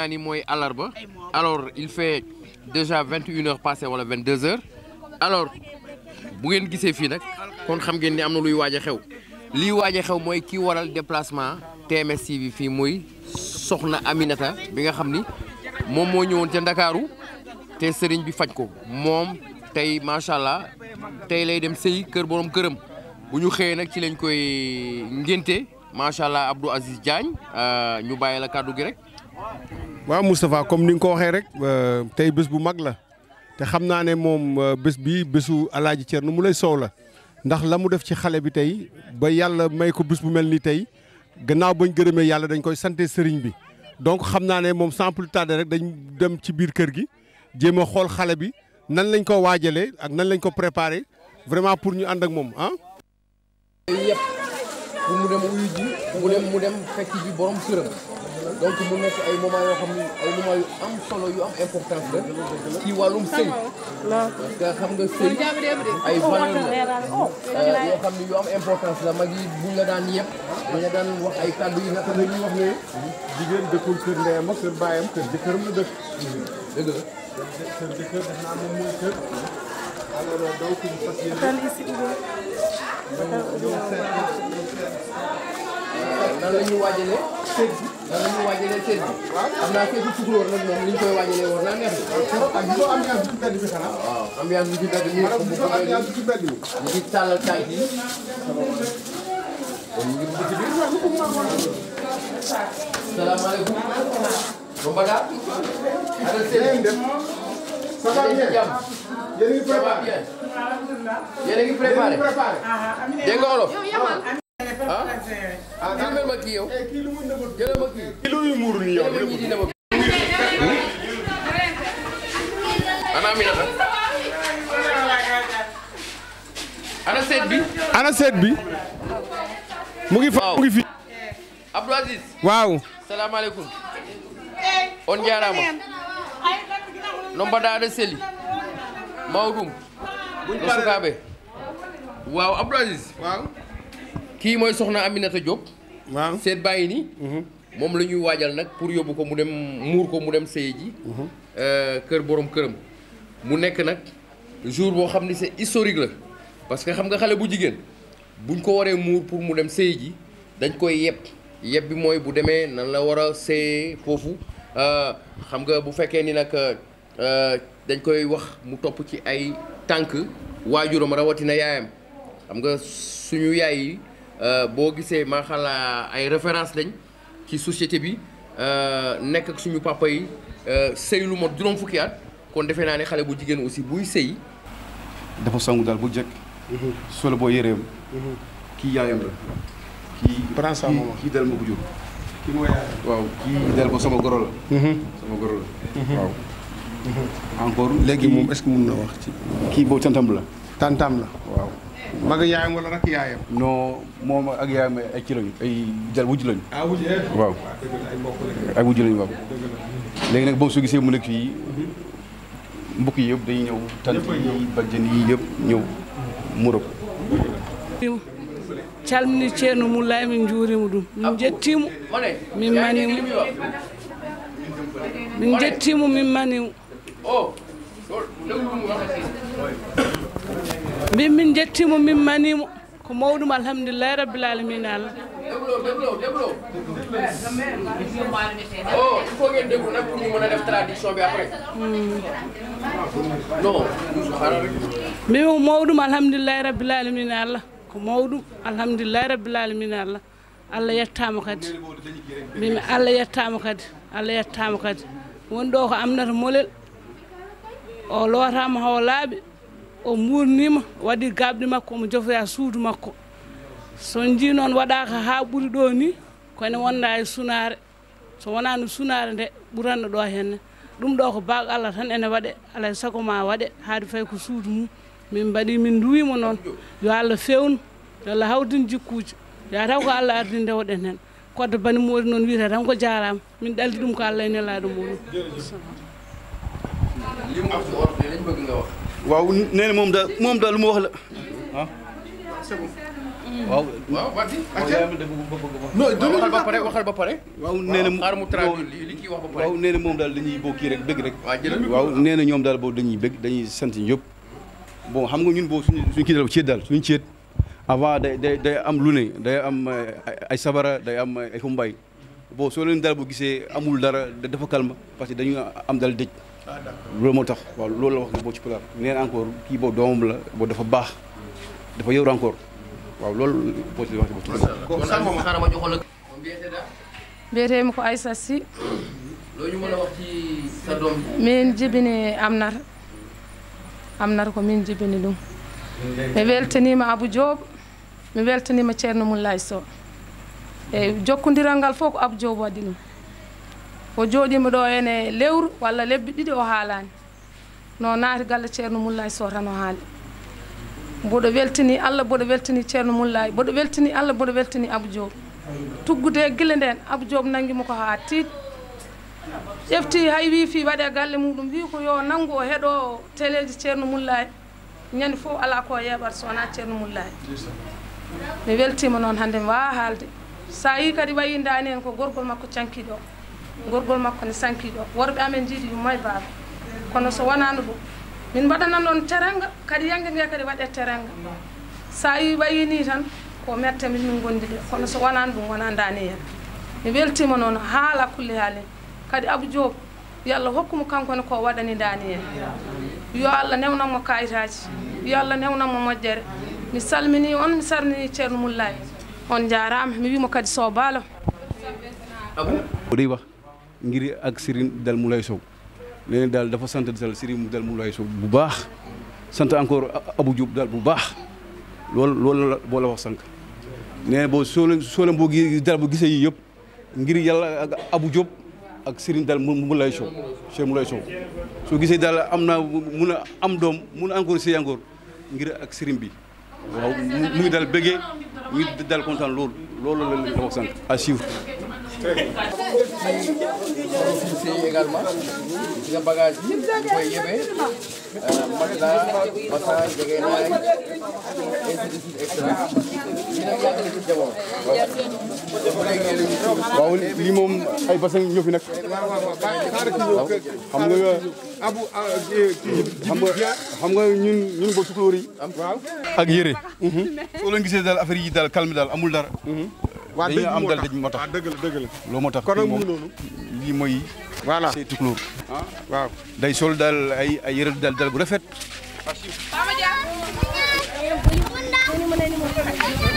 naa ni mooy àllarba alors il fait déjà vingt une heures passées wala vingt deux heures alors bu ngeen gisee fii nag kon xam ngeen ni am na luy waaj a xew liy waaj a xew mooy kii waral déplacement TMS bi fii muy soxna Aminata bi nga xam ni moom moo ñëwoon ca Ndakaaru te sëriñ bi faj ko moom tey macha allah tey lay dem sëy kër borom këram bu ñu xëyee nag ci lañ koy ngénte macha allah Abdou Aziz Diagne euh, ñu bàyyi la kàddu gi rek. waaw Moustapha comme ni nga ko waxee rek euh, tey bés bu mag la te xam naa ne moom euh, bés bi bésu alaaji mu lay Sow la ndax la mu def ci xale bi tey ba yàlla may ko bés bu mel nii tey gannaaw bañ gërëmee yàlla dañ koy sante sëriñ bi donc xam naa ne moom sans plus rek dañ dem ci biir kër gi jéem a xool xale bi nan lañ ko waajalee ak nan lañ ko préparé vraiment pour ñu ànd ak moom ah. mu dem donc mu nekk ay moment yoo xam ni ay moment yu am solo yu am importance la ci wàllum sëy parce que xam nga sëy ay oh, valeur oh, euh, yoo xam ni yu am importance la mag yi buñ la daan yëpp dañ la daan wax ay kàddu yi nga la ñuy wax ne jigéen dëkkul kër ndeyam ak kër baayam kër jëkkëram la dëkk dëgg la kër jëkkër daf naa moom mooy kër alors donc ñu fas yéene nan la ñuy waajalee seet bi nan la ñuy waajalee seet bi. xam naa seetu tukulóor nag moom li ñu koy waajalee war naa neex na. ak gisoo ambiance bi ci mbedd bi xanaa. waaw ambiance bi ci mbedd bi. maanaam gisoo ambiance bi ci mbedd bi. ñu ngi tàllal taay bi. kon ñu ngi dugg ci biir. salaamaaleykum. Bamba Dar. allo Seydou. ça va bien. yéen a ngi préparé. ah, ah, ah jëlal ma kii yow ana seet bi. ana seet bi. mu ngi fa mu ngi fi. Abdou Aziz. Eh, on jaaraama. nomba daada seli. mawdum. buñ paree no sukaabe. waaw Aziz. kii mooy soxna Aminata Diop. waaw seet bàyyi ni mhm. moom la ñuy waajal nag pour yóbbu ko mu dem muur ko mu dem sëy ji. Mhm. Euh, kër borom këram. mu nekk nag jour boo xam ni c'est historique la parce que xam nga xale bu jigéen buñ ko waree muur pour mu dem sëy ji dañ koy yeb yeb bi mooy bu demee nan la war a sëyee foofu euh, xam nga bu fekkee ni nag euh, dañ koy wax mu topp ci ay tànk waajuram rawatina yaayam xam nga suñu yaay yi. Euh, boo gisee maa ay référence lañ ci société bi euh, nekk ak suñu papa yi euh, sëy lu mot juróom fukki at kon defe naa ne xale bu jigéen aussi buy sëy dafa sangu daal bu jëkk mhm. solo boo yëreem mhm. kii yaayam la kii kii dal ma ko jur kii dal ma sama goro la mhm. waaw encore léegi moom est-ce que mun na wax kii boobu tantam la tantam la waaw mag yaayam wala rak yaayam. non moom ak yaayam ay ci jal wujj ah, waaw ah, ay wujj waaw. léegi nag boo soo gisee mu nekk fii mhm. mbokk yi yëpp dañuy ñëw. tant yi bajjan yi yëpp ñëw mu rëb. calmini ceerno mullahi min juurimu ɗum min jettimo min manimo min mbin min jettimo min manimo ko mawɗum alhamdulillahi rabbil alamin allah oh, il faut hmm. ko mawɗum alhamdulillahi rabbil alamin allah ko allah allah yettama kadi mbimi allah yettama kadi woni ɗo ko amnata molel o lootama hawo laaɓi o murnima waɗi gaɓɗi makko omo jofoya suudu makko so ji noon waɗaka ha ɓuuri ɗo ni kono wonda e sunare so wona no sunare nde ɓuranno ɗo henne ɗum ɗo ko baag allah tan ene waɗe alay e saago ma waɗe haade fayi ko suudu mum min mbaɗi min duwima noon yo allah fewnu yo allah hawdin jikkuji yataw ko allah ardi nde woɗen hen kodde bani moori noon wiyete tan ko jarama min ɗaldi ɗum ko allah e nelaɗo muɗum lim aftu waaw nee moom daal moom daal lu mu wax la ah. waaw. waaw wax ba pare waxal ba pare. waaw nee na mu li kii wax ba pare. waaw nee na moom daal dañuy boo kii rek bëgg rek. waaw nee na ñoom daal boobu dañuy bëgg dañuy sant ñëpp. bon xam nga ñun boo suñu suñu kii daal ceet daal suñ ceet avant day day day am lu ne day am eh, ay sabara day am eh, ay xumbay bon soo leen dal bu gisee amul dara dafa calme parce que dañu am dal dëj. Ah, loolu moo tax waaw loolu la wax nga boo ci pulaar neen encore kii boobu doomam la boo dafa baax dafa yor encore waaw loolu boo ci wax ci boo mbiyeteemi ko aissat si loolu mën a wax ci sa doom min jibini amnata amnata ko min jibini ɗum mi weltanima abou diob mi weltanima ceerno mullaye sow eyyi eh, jokkodiral ngal fof ko abjow waɗi ɗum o jooɗima ɗo ene lewru walla lebbi ɗiɗi o haalani no naati galle ceerno mullayi so tan o haali mboɗo weltini allah mboɗo weltini ceerno mullayi mboɗo weltini allah tuggude e nden abou diob nanguimo ko ha tiiɗi ƴefti hay wi fi waɗe galle muɗum wi ko yo nanggu o heeɗo téléji ceerno mullayi ñande fof ala ko yeɓata sowona ceerno mullayi mi weltima noon hande mi wawa haalde saa yi kadi wayi dani en ko gorgol makko cankiɗo gorgol makko ne sankiɗo worɓe amen jiiɗi yumma e baaba kono so wonano ɗum min mbaɗanan on terenga kadi yangge nge kadi waɗe terenga so yi wayi ni tan ko mette min gondi ɗe kono so wonano ɗum wona dani en mi weltima noon haala kulle haalen kadi abou diob yo allah ko waɗani dani yo allah newnanmo kayitaji yo allah newnanmo moƴƴere mi salmini on mi sarmini ceerno mullayi on jaaraama mi wiima kadi soobaalo oɗoy wax ngiri ak Serigne Dal Moulay Sow nee daal dafa sant dal Serigne Dal Moulay Sow bu baax sant encore abu Diop daal bu baax loolu lool la boo la wax sank nee boo soo leen soo leen boo dal bu gisee yii yëpp ngir yàlla ak Abou Diop ak Serigne Dal mu Sow soow Moulay Sow soo gisee daal am na mun a am doom mun a encore sëy ngir ak Serigne bi waaw mu ngi daal ñu dal kontaan loolu loolu la leen wax sant à suivre. ci également gis nga bagage bi ñu koy yëbee matelas masa jege naay ainsi de suite et cetera ñu ne yàgg na ci jamono waaw lii moom ay bassin ñoo fi nekk. waaw xam nga. Ah, xam nga ak yére. Mhm. soo leen gisee daal affaire yi daal calme daal amul dar mhm. dañuy am daal dëj moo loo moo tax ah, moom lii mooy. tukulóor. Ah, day sol daal ay ay yére daal daal bu rafet.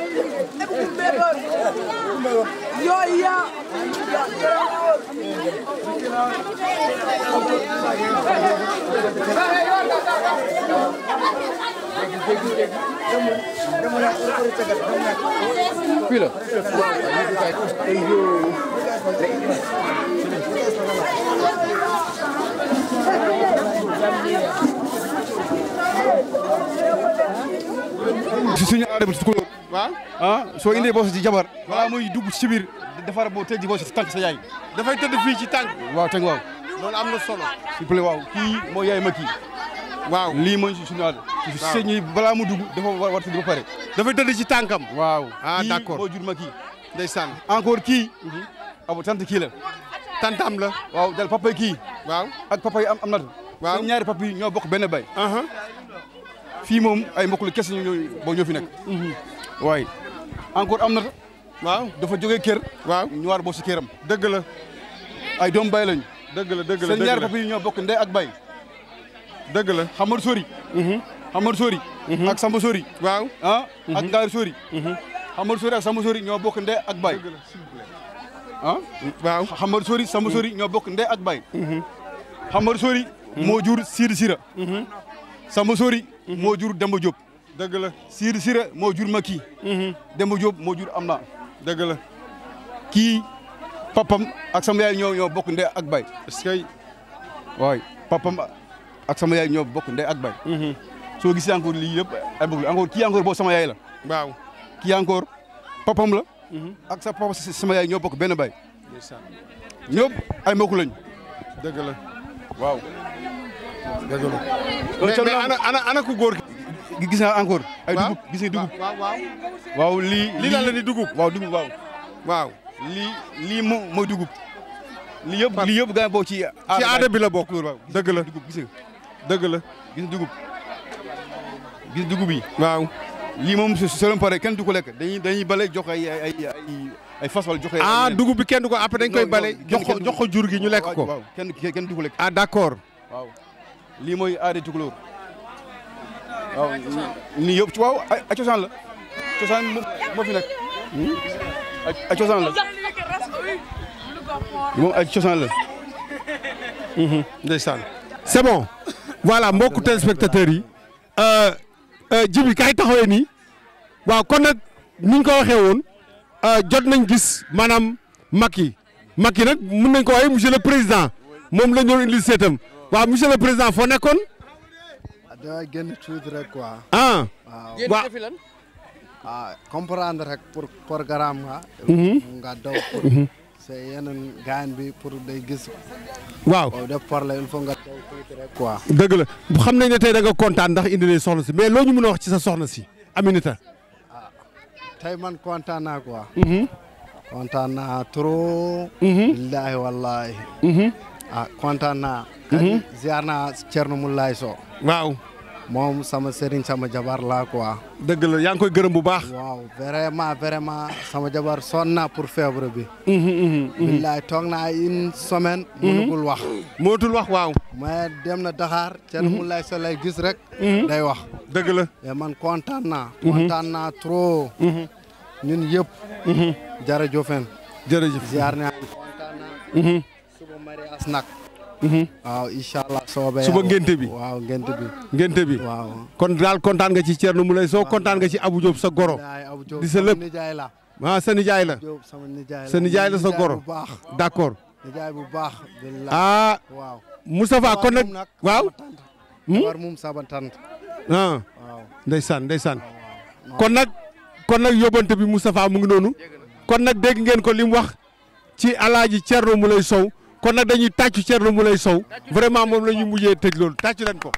Umbebor, Yoya, Fila. Si suñu aadama si waaw ah soo indee boo ci jabar wala muy dugg ci biir defar boo tëj boo ci tànk sa yaay dafay tëdd fii ci tànk waaw teg waaw loolu am na solo s'il vous plaît waaw kii moo yaay ma kii waaw lii mooy si suñu aada sëñ yi balaa mu dugg dafa war war tëdd ba pare dafay tëdd ci tànkam waaw ah d'accord kii moo jur ma kii ndeysaan encore kii mhm. abu tant kii la am la waaw dal papa kii waaw ak papa am am nat waaw ñaari papa yi ñoo bokk benn bay uh-huh. fii moom ay mbokk lu kese ñoo ñoo fi nekk mhm. waay encore am na waaw dafa jógee kër waaw ñu war boo si këram dëgg la ay doom bay lañ dëgg la dëgg la seen ñaar papa yi ñoo bokk ndee ak bay dëgg la xamar sori mhm. xamar sori mhm. ak samba sori waaw ah mhm. ak ngaari sori xamar sori ak samba sori ñoo bokk ndee ak bay ah waaw xamar sori samba sori ñoo bokk ndee ak bay xamar sori moo jur siir sira samba sori moo jur demba jóob dëgg la Sir Siré moo jur ma kii. Mhm. Demba Diop moo jur am naa. dëgg la kii papam ak sama yaay ñoo ñoo bokk ndey ak bay. est-ce que ak sama yaay ñoo bokk ndey ak bay. Mhm. soo gisee encore lii yëpp ay bokk encore kii encore boo sama yaay la. waaw kii encore papam la. Mhm. ak sa papa sama yaay ñoo bokk benn bay. ñëpp ay mbokk lañ. dëgg la waaw. dëgg la. mais ana ana ku góor ki gis naa encore. ay dugub gis dugub waaw lii lii lan la di dugub waaw dugub waaw. waaw lii lii moom mooy dugub. lii yëpp lii yëpp gaa boo ci. aada bi la bokk waaw dëgg la gis dëgg la gis dugub gis dugub yi. waaw lii moom selon pare kenn du ko lekk dañuy dañuy bale jox ay ay ay fas wala jox ah dugub bi kenn du ko après dañ koy bale. jox jox ko jur gi ñu lekk ko. waaw kenn kenn du ko lekk. ah d'accord. lii mooy aada tukulóor. waaw nii yëpp cosaan la cosaan moo fi nekk hmm? ay cosaan la moom ay cosaan la ndeysaan c'est voilà mbokku téléspectateurs yi euh, euh, jibi kaay taxawee nii waaw kon nag ni ko waxee woon euh, jot nañ gis maanaam Macky Macky nag mën nañ ko waaye monsieur le président moom la ñu doon indi seetam waaw monsieur le président foo nekkoon da génn tuuti rek quoi. ah. waaw lan. ah rek pour programme nga. Mhm. nga daw pour. c' mhm. bi pour day gis. waaw oh, def por la il faut nga daw tuuti rek quoi. dëgg la xam nañ ne tey da nga kontaan ndax indi nañ soxna si mais loo ñu mën a wax ci sa soxna si Aminata. ah tey man kontaan naa quoi. Mhm. kontaan naa trop. billaahi ah kontaan naa. Mhm. kati ziar naa Thierno Moulay Sow. waaw. moom sama sëriñ sama jabar laa quoi. dëgg la yaa ngi koy gërëm bu baax. waaw vraiment vraiment sama jabar sonn naa pour feebar bi. Mhm, mhm, billaay toog naa une semaine. mënugul wax. mënatul wax waaw. mais dem na Dakar. Thierno Moulay Sow lay gis rek. day wax. dëgg la mais man kontaan naa. trop. ñun yëpp. jërëjëf. jërëjëf ziar naa kontaan naa. nag. Mhm. waaw incha allah soobee suba ngénte bi waaw ngénte bi ngénte bi waaw kon daal kontaan nga ci mu lay Sow kontaan nga ci abu Diop sa goro di sa lépp ah sa nijaay la sa nijaay la sa goro d'accord nijaay bu baax ah Moustapha kon nag waaw war hmm? mum sama tante ah ndeysaan ndeysaan kon nag kon nag yóbbante bi Moustapha mu ngi noonu kon nag dégg ngeen ko li mu wax ci alaaji Thierno Moulé Sow kon nag dañuy tàccu Thierno Mouleye Sow vraiment moom la ñuy mujjee tëj loolu tàccu leen ko.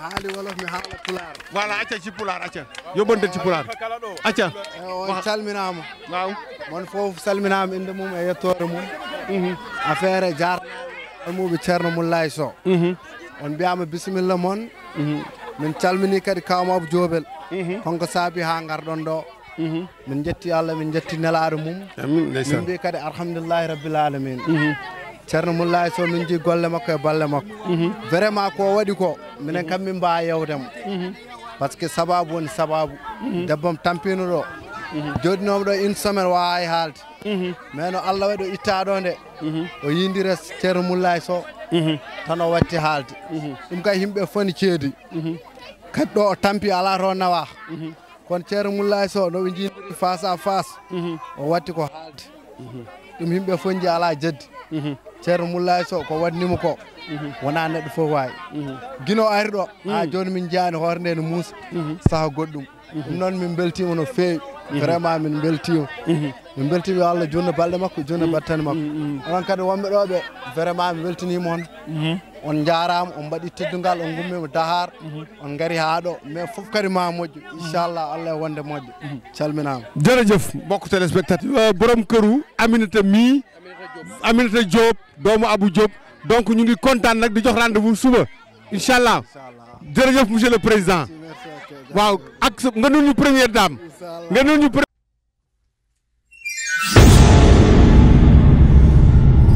haali wolof mi haala pulaar voilà acca ci pulaar acca yóbbante pulaar acca on calminaama waaw mon fof salminaama innde mum e yettore mum mhm. affaire jarnae muɓe ceerno mullay so on mhm. mbiyama bisimilla moon mhm. min calmini kadi kawmabo joobel konko saabi ha garɗon ɗo Mm-hmm. min jetti allah min jetti nelaɗo mum min mbi kadi alhamdulillahi rabbil alamin mm-hmm. ceerno mullahi so min golle makko e balle makko mm-hmm. vraiment ko waɗi ko minen kam min mbawa yewdemo par ce que sababu woni sababu debbam tampino ɗo joɗinomo ɗo une semaine wawi haalde mais no allah waɗi o itta ɗo nde o yindira ceerno mullahi so tan o watti haalde ɗum kay yimɓe foni ceedi kadi ɗo o tampi ala to nawa kono ceerno mullayi sow noɓe jindiri face à face mhm. o watti ko haalde mhm. ɗum yimɓe fof ji jaddi ceerno mhm. mullayi sow ko waɗnimo ko wona neɗɗo fof wawi guino ari ɗo ha joni min jiyani hoore nde muusa saaha goɗɗum ɗum noon min beltima no fewi vraiment min beltima min beltima yo allah junno balɗe makko junno mm. battane makko mm, mm, onon kadi wonɓe ɗo ɓe vraiment mi weltanima on mm-hmm. on jarama on mbaɗi teddugal on gummima dahar mm-hmm. on gaari ha ɗo mais foof kadi ma moƴƴo mm-hmm. inchallah allah e wonde moƴƴo calminama jërëjëf mbokk téléspectateur euh, borom këru aminata mi aminata diop doomu abou diop donc ñu ngi kontaan nag di jox rendez-vous suba inchallah jërëjëf monsieur le président waaw ak nga nuyu première dame nga nuyu ñu